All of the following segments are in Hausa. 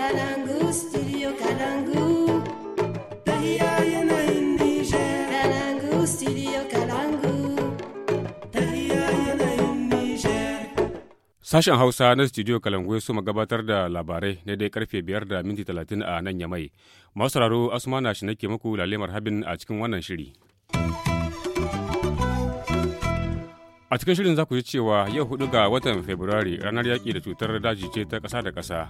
Kalangu, studio Sashen Hausa na studio Kalangu su gabatar da labarai na dai karfe biyar da minti talatin a nan yamai. Masu raro Asmana shi nake muku lalemar habin a cikin wannan shiri. A cikin shirin za ku ji cewa yau hudu ga watan Fabrairu ranar yaƙi da cutar daji ce ta ƙasa da ƙasa.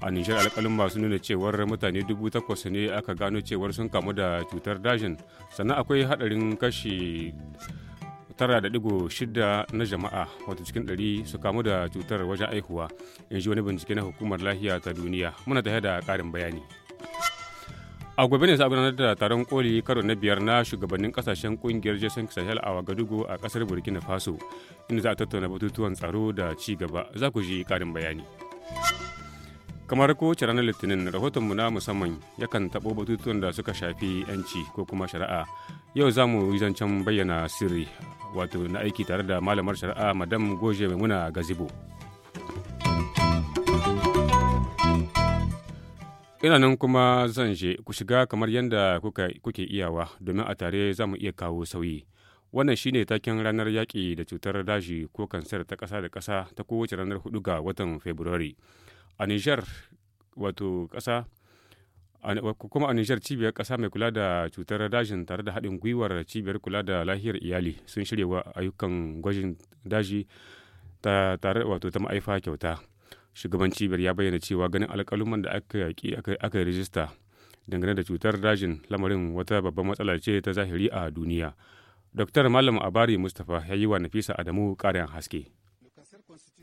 a nijar alkalin masu nuna cewar mutane dubu takwas ne aka gano cewar sun kamu da cutar dajin sannan akwai hadarin kashi 9.6 na jama'a wata cikin 100 su kamu da cutar wajen aihuwa in ji wani bincike na hukumar lahiya ta duniya muna ta da karin bayani a gobe ne za gudanar da taron koli karo na biyar na shugabannin kasashen kungiyar jason sahel a wagadugu a kasar burkina faso inda za a tattauna batutuwan tsaro da ci gaba za ku ji karin bayani kamar kowace ranar litinin rahotonmu na musamman yakan taɓo batutuwan da suka shafi 'yanci ko kuma shari'a yau za mu yi zancen bayyana sirri wato na aiki tare da malamar shari'a madam goje maimuna gazibo ina nan kuma zan je ku shiga kamar yadda kuke iyawa domin a tare za mu iya kawo sauyi wannan shine taken ranar yaƙi da cutar daji ko kansar ta ƙasa da ƙasa ta kowace ranar hudu ga watan fabrairu a nijar wato ƙasa kuma a nijar cibiyar ƙasa mai kula da cutar dajin tare da haɗin gwiwar cibiyar kula da lahiyar iyali sun shirya wa ayyukan gwajin daji ta tare wato ta ma'aifa kyauta shugaban cibiyar ya bayyana cewa ganin alƙaluman da aka yi rijista dangane da cutar dajin lamarin wata babban matsala ce ta zahiri a duniya. Dr. Malam Abari Mustapha ya yi wa Nafisa Adamu ƙarin haske.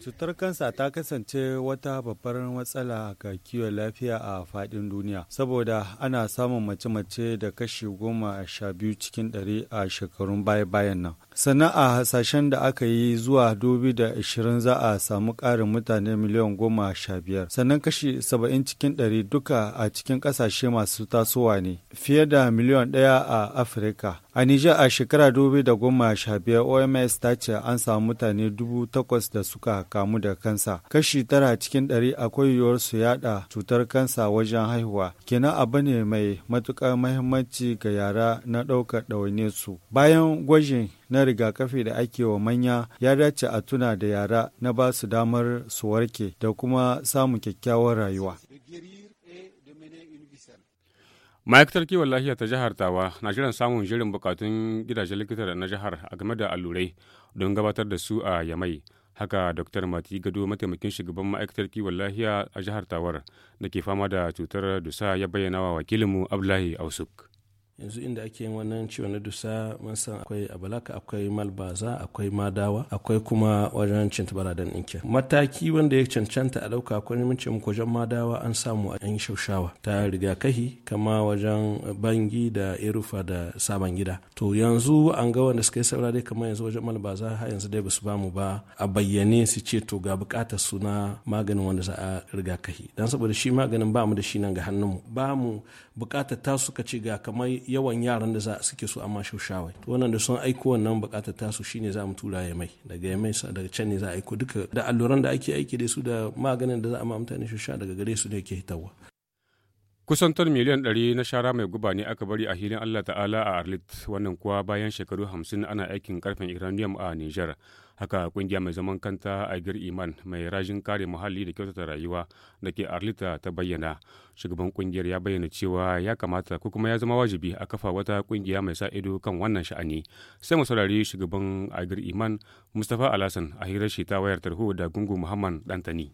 Cutar kansa ta kasance wata babbar matsala ga kiwon lafiya a faɗin duniya, saboda ana samun mace-mace da kashi goma sha biyu cikin ɗari a shekarun baya-bayan nan. sannan a hasashen da aka yi zuwa 2020 za a samu ƙarin mutane miliyan goma sha biyar sannan kashi 70 cikin 100 duka a cikin ƙasashe masu tasowa ne fiye da miliyan ɗaya a afirka a nijar a shekara 2015 oms ta ce an samu mutane dubu takwas da suka kamu da kansa kashi tara cikin 100 akwai yiwuwar su yada cutar kansa wajen haihuwa kenan abu ne mai matuƙar mahimmanci ga yara na ɗaukar ɗawainiyarsu bayan gwajin na rigakafi da ake wa manya ya dace a tuna da yara na ba su damar su warke da kuma samun kyakkyawar rayuwa. ma'aikatar kiwon lafiya ta jihar tawa na jiran samun jirin bukatun gidajen likita na jihar a game da allurai don gabatar da su a yamai haka dr mati gado mataimakin shugaban ma'aikatar kiwon lafiya a jihar tawar da ke fama da cutar dusa ya bayyana wa wakilinmu abdullahi ausuk yanzu inda ake yin wannan ciwon na dusa mun san akwai abalaka akwai malbaza akwai madawa akwai kuma wajen cintabaradan ɗinkin mataki wanda ya cancanta a ɗauka akwai mun ce muku wajen madawa an samu a yan shaushawa ta rigakahi kama wajen bangi da irufa da sabon gida to yanzu an ga wanda suka yi saura dai kamar yanzu wajen malbaza har yanzu dai basu bamu ba a bayyane su ce to ga buƙatar su na maganin wanda za a rigakahi dan saboda shi maganin bamu da shi nan ga hannunmu bamu buƙatar ta suka ce ga kamar yawan yaran da za suke so amma shawai to wannan da sun aiko wannan bukatar tasu shine za mu tura ya mai daga ya mai daga can ne za a aiko duka da alluran da ake aiki da su da maganin da za a ma mutane shusha daga gare su ne ke hitawa Kusan ton miliyan ɗari na shara mai guba ne aka bari a hilin Allah Ta'ala a Arlit wannan kuwa bayan shekaru hamsin ana aikin karfin uranium a Nijar. Haka kungiya mai zaman kanta Agir Iman mai rajin kare muhalli da kyautata rayuwa da ke Arlita ta bayyana. Shugaban kungiyar ya bayyana cewa ya kamata ko kuma ya zama wajibi a kafa wata kungiya mai sa ido kan wannan sha'ani. Sai mu saurari shugaban Agir Iman Mustapha Alasan a hirar shi ta wayar tarho da Gungu Muhammad Dantani.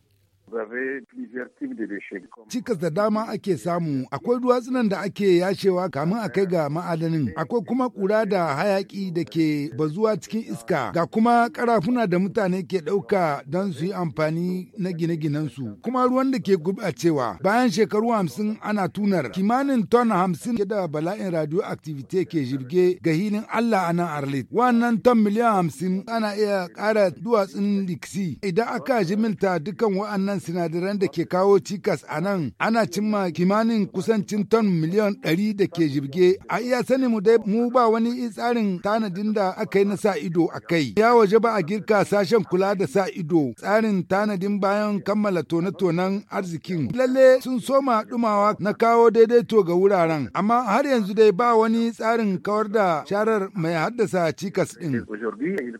Cikas da dama ake samu, akwai duwatsunan da ake yashewa kamun a kai ga ma'adanin, akwai kuma kura da hayaki da ke bazuwa cikin iska, ga kuma karafuna da mutane ke ɗauka don su yi amfani na gine-ginensu, kuma ruwan da ke a cewa. Bayan shekaru hamsin ana tunar, kimanin ton hamsin ke da bala'in radioactivity ke jirge ga hilin Allah a nan Arlit. Wannan ton miliyan hamsin ana iya ƙara duwatsun liksi idan aka jimilta dukan wa'annan sinadaran da ke kawo cikas a nan ana cimma kimanin kusancin ton miliyan 100 da ke jirge a iya sani mu dai mu ba wani tsarin tanadin da aka yi na sa ido a kai ya waje ba a girka sashen kula da sa ido tsarin tanadin bayan kammala tone-tonen arzikin lalle sun soma dumawa na kawo daidaito ga wuraren amma har yanzu dai ba wani tsarin kawar da sharar mai haddasa cikas din Aujourd'hui, il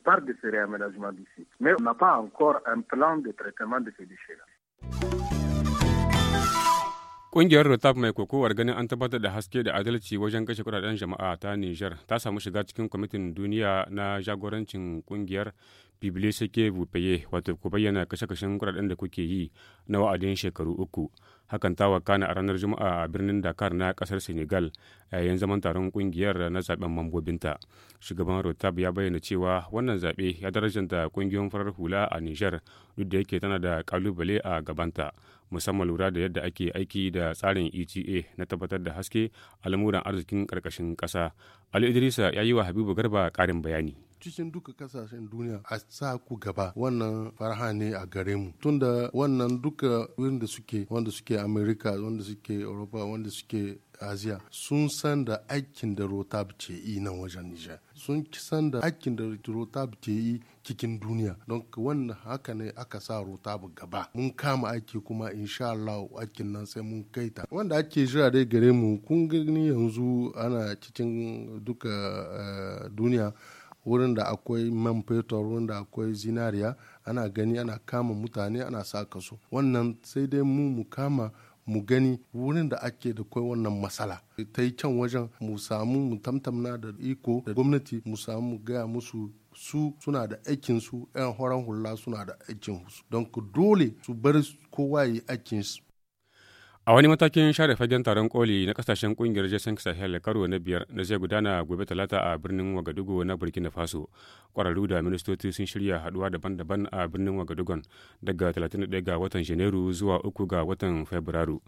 Mais on n'a pas encore un plan de traitement de ces déchets-là. Ƙungiyar Rotab mai kokowar ganin an tabbatar da haske da adalci wajen kashe kudaden jama'a ta Nijar ta samu shiga cikin kwamitin duniya na jagorancin ƙungiyar Bibliothèque Vous wato ku bayyana kashe-kashen kudaden da kuke yi na wa'adin shekaru uku. hakan ta wakana a ranar juma'a a birnin dakar na kasar senegal yayin zaman taron kungiyar na zaben mambobinta shugaban rotab ya bayyana cewa wannan zaɓe ya darajanta kungiyoyin farar hula a niger duk da yake tana da kalubale a gabanta musamman lura da yadda ake aiki da tsarin eta na tabbatar da haske a lamuran arzikin ƙarƙashin ƙasa ali idrisa ya yi wa habibu garba ƙarin bayani cikin duka kasashen duniya a sa ku gaba wannan farha ne a gare mu tunda wannan duka wurin da suke wanda suke america wanda suke europa wanda suke asiya sun san da aikin da rotab ce yi nan wajen nijar sun san da aikin da rotab ce yi cikin duniya don wannan haka ne aka sa rotab gaba mun kama aiki kuma insha Allah aikin nan sai mun kai ta wanda ake jira dai gare mu kun gani yanzu ana cikin duka eh, duniya wurin da akwai man fetur wurin da akwai zinariya ana gani ana kama mutane ana sa kaso wannan sai dai mu mu kama mu gani wurin da ake da kai wannan matsala ta yi can wajen mu samu mu tamtamna da iko da gwamnati mu samu mu gaya musu su suna da aikin su 'yan horon hula suna da aikin su don dole su bar kowa yi aikin su A wani matakin share fagen taron koli na kasashen kungiyar Jason Sahel karo na biyar na zai gudana gobe talata a birnin Wagadugu na Burkina Faso. Kwararru da ministoci sun shirya haduwa daban-daban a birnin Wagadugon daga 31 ga watan Janairu zuwa 3 ga watan Fabrairu.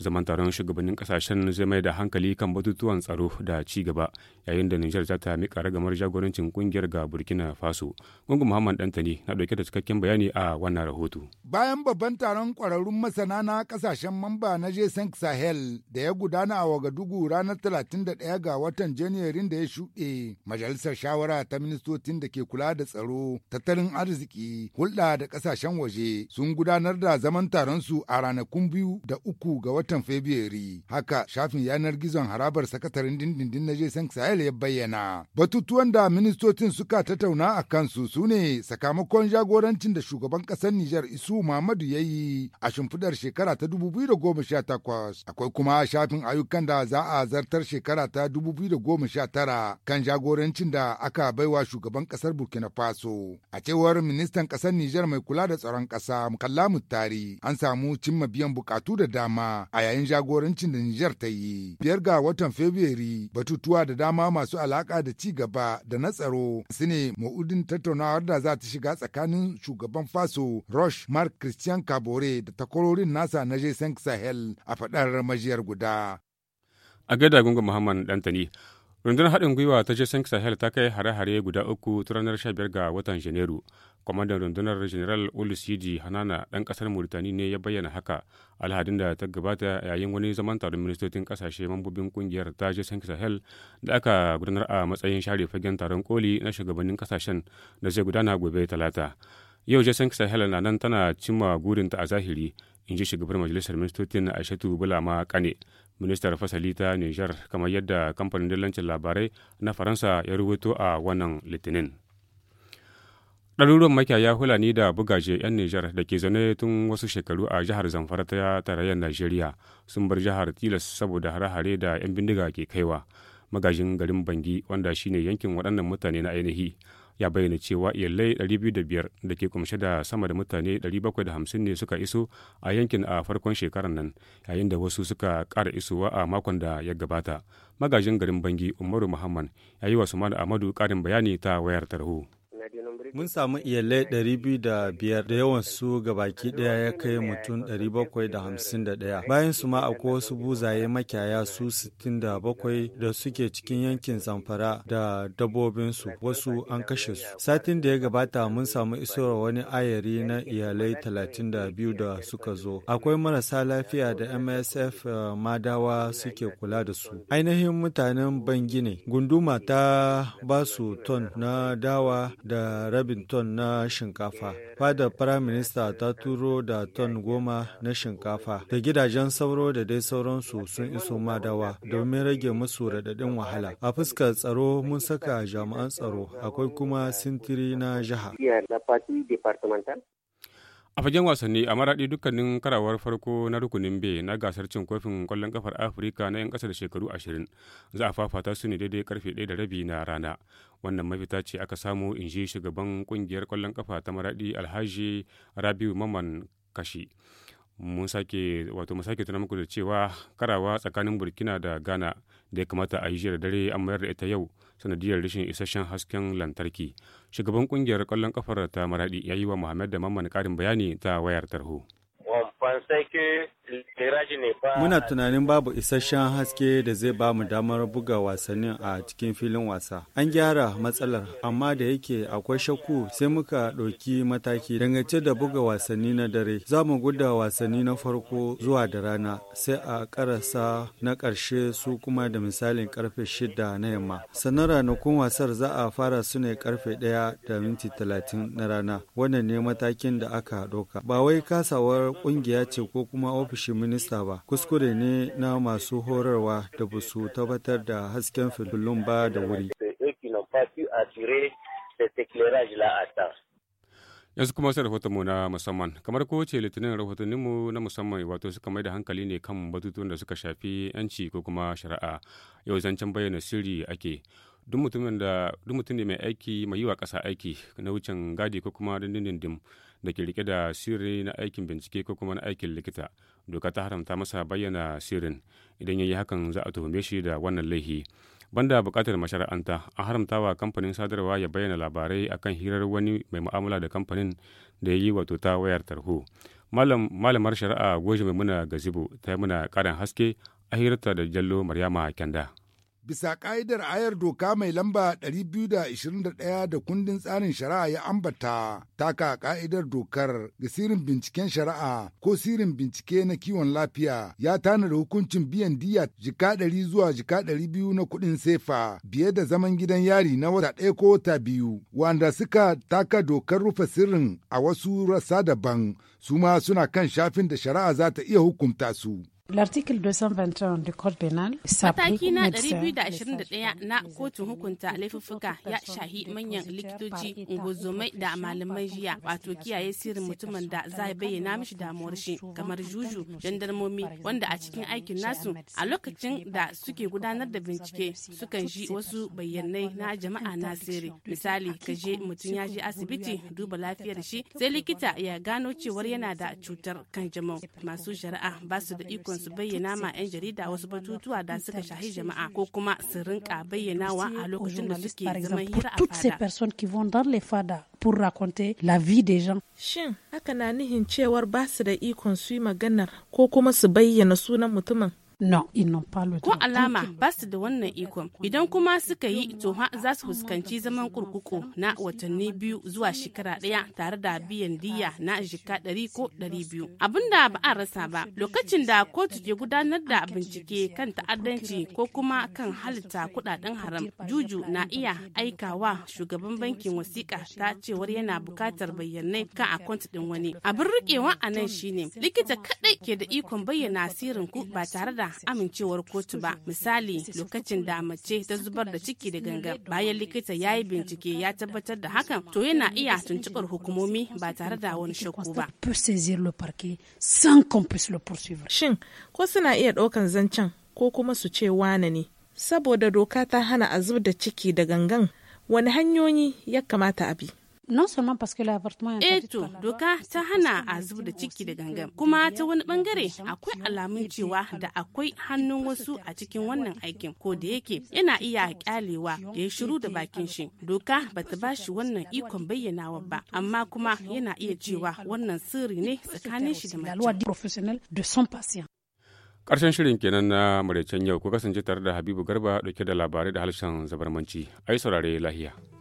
zaman taron shugabannin kasashen zai mai da hankali kan batutuwan tsaro da ci gaba yayin da nijar za ta mika ragamar jagorancin kungiyar ga burkina faso gungun muhammad dantani na dauke da cikakken bayani a wannan rahoto bayan babban taron kwararrun masana na kasashen mamba na jason sahel da ya gudana a wagadugu ranar 31 ga watan janairun da ya shuɗe majalisar shawara ta ministocin da ke kula da tsaro tattalin arziki hulɗa da kasashen waje sun gudanar da zaman taron su a ranakun biyu da uku ga watan Fabrairu. Haka shafin yanar gizon harabar sakataren dindindin na Jason Sahel ya bayyana. Batutuwan da ministocin suka tattauna a kansu su ne sakamakon jagorancin da shugaban ƙasar Nijar Isu Muhammadu ya yi a shimfidar shekara ta 2018. Akwai kuma shafin ayyukan da za a zartar shekara ta 2019 kan jagorancin da aka baiwa shugaban ƙasar Burkina Faso. A cewar ministan ƙasar Nijar mai kula da tsaron ƙasa Mukalla Tari. an samu cimma biyan bukatu da dama a yayin jagorancin da Nijar ta yi. Biyar ga watan Fabrairu batutuwa da dama masu alaka da ci gaba da na tsaro su ne ma'udin tattaunawar da za ta shiga tsakanin shugaban Faso Roche Mark Christian Kabore da takwarorin nasa na Jason Sahel a faɗar majiyar guda. A gaida gungun Muhammad Dantani, rundunar haɗin gwiwa ta jason sahel ta kai hare-hare guda uku ta ranar 15 ga watan janairu kwamandan rundunar general olusiji hanana ɗan ƙasar mauritani ne ya bayyana haka alhadin da ta gabata yayin wani zaman taron ministocin ƙasashe mambobin ƙungiyar ta jason sahel da aka gudanar a matsayin share fagen taron koli na shugabannin ƙasashen da zai gudana gobe talata yau jason sahel na nan tana cimma gurinta a zahiri in ji shugabar majalisar ministocin aishatu bulama kane ministar fasali ta niger kamar yadda kamfanin dillancin labarai na faransa ya rubuto a wannan litinin ɗaruruwan makiyaya hulani da bugaje 'yan niger da ke zaune tun wasu shekaru a jihar zamfara ta tarayyar najeriya sun bar jihar tilas saboda hare-hare da 'yan bindiga ke kaiwa magajin garin bangi wanda shine yankin waɗannan mutane na ainihi ya bayyana cewa iyalai 205 da ke kumshe da sama da mutane 750 ne suka iso a yankin a farkon shekarar nan yayin da wasu suka ƙara isowa a makon da ya gabata magajin garin bangi umaru muhammad ya yi wa sumana amadu ƙarin bayani ta wayar tarho Mun samu iyalai ɗari biyu da biyar da yawan su baki ɗaya ya kai mutum da da ɗaya, Bayan su ma akwai wasu buzaye makiyaya su 67 da suke cikin yankin Zamfara da dabbobinsu wasu an kashe su. Satin da ya gabata mun samu isowar wani ayari na iyalai 32 da suka zo. Akwai marasa lafiya da MSF eh, madawa suke kula da su. Ainihin mutanen bangine ne. Gunduma ta ba su ton na dawa da rabin ton na shinkafa. Fadar Firaminista ta turo da ton goma na shinkafa da gidajen sauro da dai sauransu sun iso madawa domin rage musu raɗaɗin wahala. A fuskar tsaro mun saka jami'an tsaro akwai kuma sintiri na jiha. A fagen wasanni a maraɗi dukkanin karawar farko na rukunin B na gasar cin kofin kwallon kafar Afirka na 'yan da shekaru 20 za a fafata su ne daidai karfe 1 da rabi na rana. Wannan mafita ce aka samu in ji shugaban kungiyar kwallon kafa ta maraɗi Alhaji Rabiu Maman Kashi. mun sake wato mun sake tuna muku da cewa karawa tsakanin burkina da ghana da ya kamata a yi jiya da dare an mayar da ita yau sanadiyar rashin isasshen hasken lantarki shugaban kungiyar kwallon kafar ta maradi ya yi wa muhammad da mamman karin bayani ta wayar tarho Muna tunanin babu isasshen haske da zai ba mu damar buga wasannin a cikin filin wasa. An gyara matsalar, amma da yake akwai shakku sai muka ɗauki mataki dangance da buga wasanni na dare. Za mu guda wasanni na farko zuwa da rana, sai a ƙarasa na ƙarshe su kuma da misalin ƙarfe shida na yamma. Sannan ranakun wasar za a fara su ne ƙarfe ɗaya da minti talatin na rana. Wannan ne matakin da aka ɗauka. Ba wai kasawar ƙungiya ce ko kuma ofis ofishin minista ba kuskure ne na masu horarwa da ba su tabbatar da hasken filin ba da wuri yanzu kuma sai mu na musamman kamar ko ce litinin rahotoninmu na musamman wato suka mai da hankali ne kan batutuwan da suka shafi yanci ko kuma shari'a yau zancen bayyana sirri ake duk mutum ne mai aiki mai yi wa ƙasa aiki na wucin gadi ko kuma dindindin da ke rike da sirri na aikin bincike ko kuma na aikin likita doka ta haramta masa bayyana sirrin idan ya yi hakan za a tuhume shi da wannan laifi banda buƙatar mashara'anta an haramta wa kamfanin sadarwa ya bayyana labarai akan hirar wani mai mu'amala da kamfanin da ya yi wato ta wayar tarho malamar shari'a goji mai muna gazibo ta yi muna karin haske a hirarta da jallo maryama kyanda. bisa ƙa'idar ayar doka mai lamba 221 da kundin tsarin shari'a ya ambata taka ƙa'idar dokar ga sirin binciken shari'a ko sirrin bincike na kiwon lafiya ya tana da hukuncin biyan diya jika 100 zuwa jika 200 na kuɗin sefa biye da zaman gidan yari na wata ɗaya ko wata biyu wanda suka taka dokar rufe sirrin a wasu rassa daban su ma suna kan shafin da shari'a za ta iya hukunta su. L'article 221 du Code pénal Mataki na 221 na kotun hukunta laifuffuka ya shahi manyan likitoci, ungozomai da malamai jiya wato kiyaye sirrin mutumin da za a bayyana mishi damuwar shi kamar juju jandarmomi wanda a cikin aikin nasu a lokacin da suke gudanar da bincike sukan ji wasu bayyanai na jama'a na sirri. Misali, kaje mutum ya je asibiti duba lafiyar shi sai likita ya gano cewar yana da cutar kanjamau. Masu shari'a ba su da ikon ikon su bayyana ma 'yan jarida wasu batutuwa da suka shahi jama'a ko kuma su rinka bayyanawa a lokacin da suke zama hira a fada. pour raconter la vie des gens. Shin haka na nihin cewar ba su da ikon su yi maganar ko kuma su bayyana sunan mutumin Ko alama ba su da wannan ikon. Idan kuma suka yi toha za su fuskanci zaman kurkuku na watanni biyu zuwa shekara ɗaya tare da biyan diya na jika ɗari ko ɗari biyu. Abinda ba a rasa ba lokacin da kotu ke gudanar da bincike kan ta'addanci ko kuma kan halitta kudaden haram. Juju na iya aikawa shugaban bankin wasiƙa ta cewar yana buƙatar bayyanai kan akwant ɗin wani. Abin riƙewa a nan shine likita kaɗai ke da ikon bayyana asirin ku ba tare da da amincewar kotu ba misali lokacin da mace ta zubar da ciki da ganga bayan likita ya yi bincike ya tabbatar da hakan to yana iya tuntubar hukumomi ba tare da wani shakku ba shin ko suna iya ɗaukan zancen ko kuma su ce wane ne saboda doka ta hana a zubar da ciki da gangan wani hanyoyi ya kamata a bi non seulement parce que est doka ta hana a zubar da ciki da gangan kuma ta wani bangare akwai alamun cewa da akwai hannun wasu a cikin wannan aikin ko da yake yana iya kyalewa da ya shiru da bakin shi doka ba ta ba shi wannan ikon bayyanawa ba amma kuma yana iya cewa wannan sirri ne tsakanin shi da mace karshen shirin kenan na maraicen yau ku kasance tare da habibu garba dauke da labarai da harshen zabarmanci ai saurare lahiya